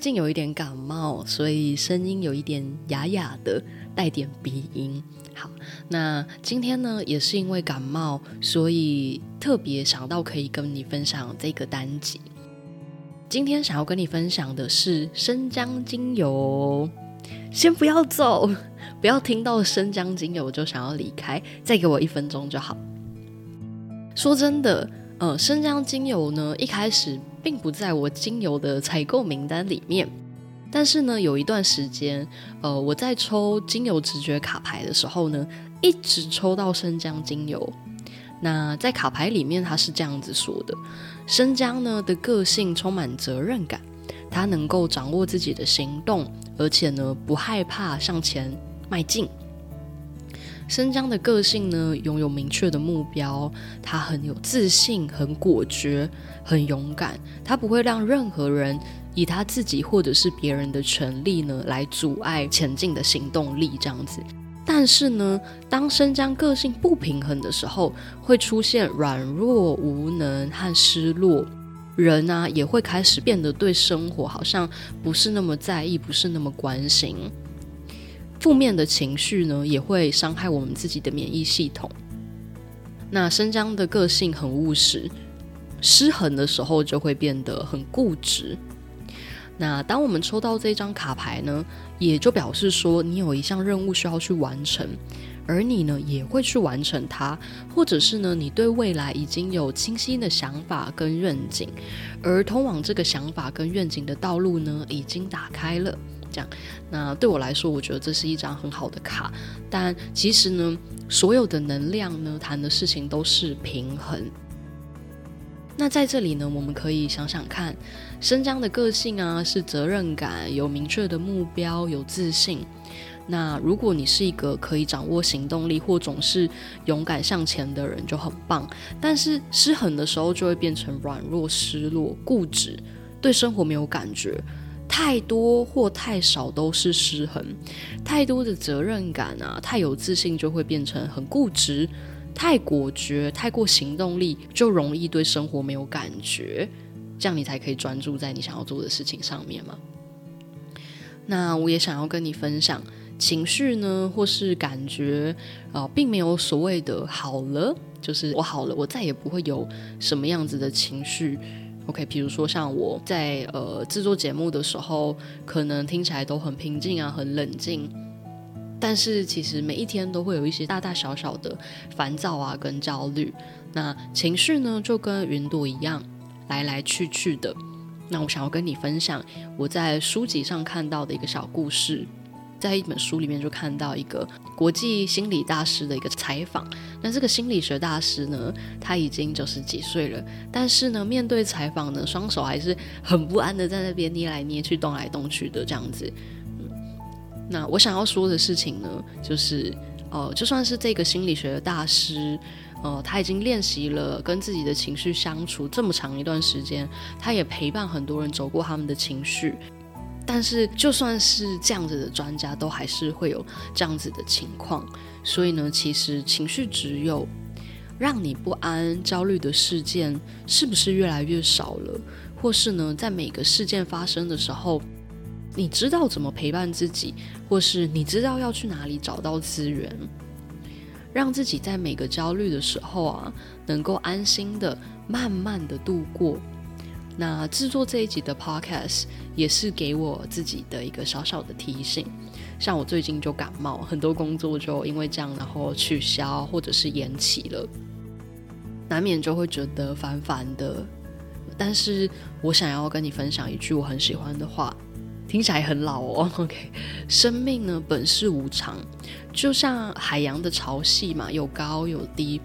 最近有一點感冒，所以聲音有一點啞啞的，帶點鼻音。好，那今天呢也是因為感冒，所以特別想到可以跟你分享這個單集。今天想要跟你分享的是生薑精油。先不要走，不要聽到生薑精油我就想要離開，再給我一分鐘就好。說真的。呃，生薑精油呢，一開始並不在我精油的採購名單裡面，但是呢，有一段時間，呃，我在抽精油直覺卡牌的時候呢，一直抽到生薑精油。那在卡牌裡面，它是這樣子說的：生薑呢的個性充滿責任感，它能夠掌握自己的行動，而且呢不害怕向前邁進。生薑的個性呢，擁有明確的目標，他很有自信，很果決，很勇敢。他不會讓任何人以他自己或者是別人的權利呢來阻礙前進的行動力這樣子。但是呢，當生薑個性不平衡的時候，會出現軟弱無能和失落。人啊，也會開始變得對生活好像不是那麼在意，不是那麼關心。負面的情緒呢，也會傷害我們自己的免疫系統。那生薑的個性很務實，失衡的時候就會變得很固執。那當我們抽到這一張卡牌呢，也就表示說你有一項任務需要去完成，而你呢，也會去完成它，或者是呢，你對未來已經有清晰的想法跟願景，而通往這個想法跟願景的道路呢，已經打開了。這樣，那對我來說，我覺得這是一張很好的卡。但其實呢，所有的能量呢，談的事情都是平衡。那在這裡呢，我們可以想想看，生薑的個性啊，是責任感，有明確的目標，有自信。那如果你是一個可以掌握行動力，或總是勇敢向前的人，就很棒。但是失衡的時候，就會變成軟弱、失落、固執，對生活沒有感覺。太多或太少都是失衡。太多的責任感啊，太有自信就會變成很固執，太果決，太過行動力，就容易對生活沒有感覺。這樣你才可以專注在你想要做的事情上面嘛？那我也想要跟你分享，情緒呢或是感覺啊，呃，並沒有所謂的好了，就是我好了，我再也不會有什麼樣子的情緒。OK，比如說像我在呃制作節目的時候，可能聽起來都很平靜啊，很冷靜，但是其實每一天都會有一些大大小小的煩躁啊，跟焦慮。那情緒呢，就跟雲朵一樣，來來去去的。那我想要跟你分享我在書籍上看到的一個小故事。在一本書裡面就看到一個國際心理大師的一個採訪，那這個心理學大師呢，他已經九十幾歲了，但是呢，面對採訪呢，雙手還是很不安的在那邊捏來捏去、動來動去的這樣子。嗯，那我想要說的事情呢，就是哦、呃，就算是這個心理學的大師，哦、呃，他已經練習了跟自己的情緒相處這麼長一段時間，他也陪伴很多人走過他們的情緒。但是，就算是這樣子的專家，都還是會有這樣子的情況。所以呢，其實情緒只有讓你不安、焦慮的事件，是不是越來越少了？或是呢，在每個事件發生的時候，你知道怎麼陪伴自己，或是你知道要去哪裡找到資源，讓自己在每個焦慮的時候啊，能夠安心的、慢慢的度過。那製作這一集的 Podcast 也是給我自己的一個小小的提醒。像我最近就感冒，很多工作就因為這樣然後取消或者是延期了，難免就會覺得煩煩的。但是我想要跟你分享一句我很喜歡的話，聽起來很老哦。OK，生命呢，本是無常，就像海洋的潮汐嘛，有高有低。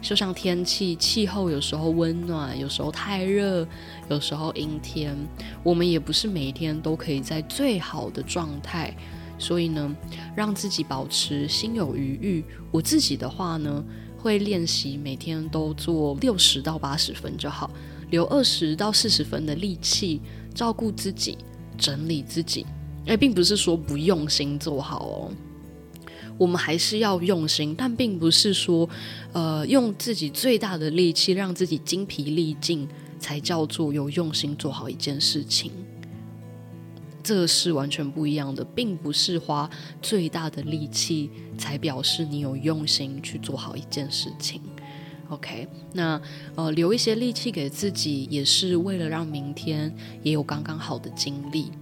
就像天氣、氣候，有時候溫暖，有時候太熱，有時候陰天。我們也不是每一天都可以在最好的狀態，所以呢，讓自己保持心有餘裕。我自己的話呢，會練習每天都做六十到八十分就好，留二十到四十分的力氣照顧自己、整理自己。誒、欸，並不是說不用心做好哦。我們還是要用心，但並不是說，呃，用自己最大的力氣讓自己筋疲力盡，才叫做有用心做好一件事情。這是完全不一樣的，並不是花最大的力氣才表示你有用心去做好一件事情。OK，那呃，留一些力氣給自己，也是為了讓明天也有剛剛好的精力。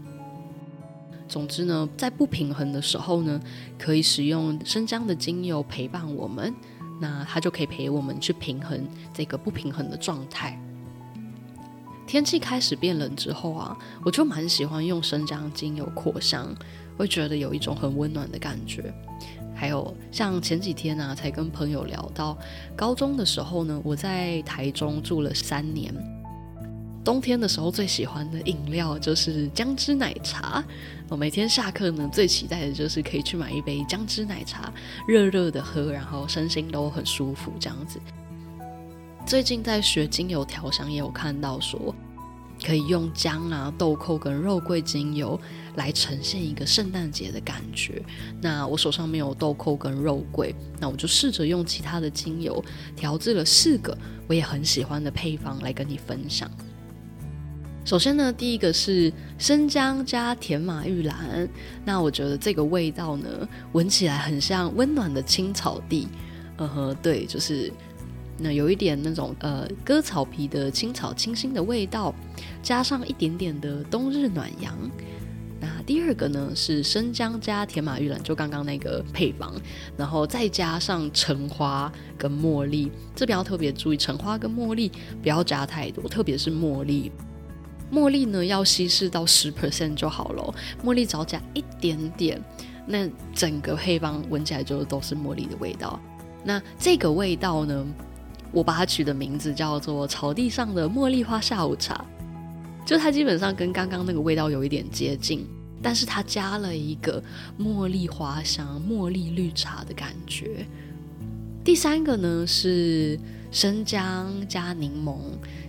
總之呢，在不平衡的時候呢，可以使用生薑的精油陪伴我們，那它就可以陪我們去平衡這個不平衡的狀態。天氣開始變冷之後啊，我就蠻喜歡用生薑精油擴香，會覺得有一種很溫暖的感覺。還有像前幾天呢啊，才跟朋友聊到，高中的時候呢，我在台中住了三年。冬天的時候最喜歡的飲料就是薑汁奶茶。我每天下課呢，最期待的就是可以去買一杯薑汁奶茶，熱熱的喝，然後身心都很舒服這樣子。最近在學精油調香，也有看到說可以用薑啊、豆蔻跟肉桂精油來呈現一個聖誕節的感覺。那我手上沒有豆蔻跟肉桂，那我就試着用其他的精油調制了四個我也很喜歡的配方來跟你分享。首先呢，第一個是生薑加甜馬鬱蘭，那我覺得這個味道呢，聞起來很像溫暖的青草地，呃呵，對，就是那有一點那種呃割草皮的青草清新的味道，加上一點點的冬日暖陽。那第二個呢是生薑加甜馬鬱蘭，就剛剛那個配方，然後再加上橙花跟茉莉。這邊要特別注意，橙花跟茉莉不要加太多，特別是茉莉。茉莉呢，要稀釋到十 percent 就好咯。茉莉只要加一點點，那整個配方聞起來就都是茉莉的味道。那這個味道呢，我把它取的名字叫做“草地上的茉莉花下午茶”。就它基本上跟剛剛那個味道有一點接近，但是它加了一個茉莉花香、茉莉綠茶的感覺。第三個呢是生薑加檸檬。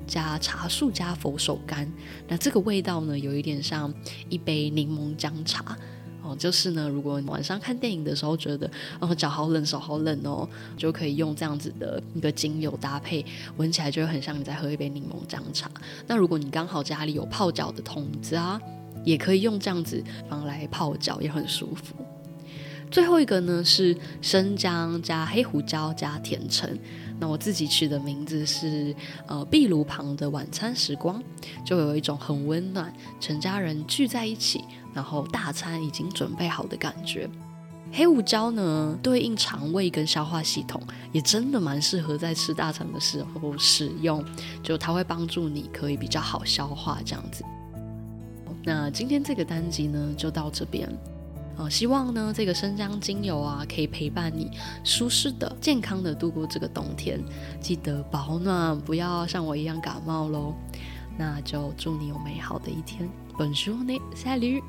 加茶樹加佛手柑，那這個味道呢，有一點像一杯檸檬薑茶哦。就是呢，如果你晚上看電影的時候覺得，哦、嗯，腳好冷，手好冷哦，就可以用這樣子的一個精油搭配，聞起來就很像你在喝一杯檸檬薑茶。那如果你剛好家裡有泡腳的桶子啊，也可以用這樣子放來泡腳，也很舒服。最後一個呢，是生薑加黑胡椒加甜橙。那我自己取的名字是呃，壁爐旁的晚餐時光，就有一種很溫暖，全家人聚在一起，然後大餐已經準備好的感覺。黑胡椒呢，對應腸胃跟消化系統，也真的蠻適合在吃大餐的時候使用，就它會幫助你可以比較好消化這樣子。那今天這個單集呢，就到這邊。呃，希望呢，這個生薑精油啊，可以陪伴你舒適的、健康的度過這個冬天。記得保暖，不要像我一樣感冒嘍。那就祝你有美好的一天。本書呢，下驢。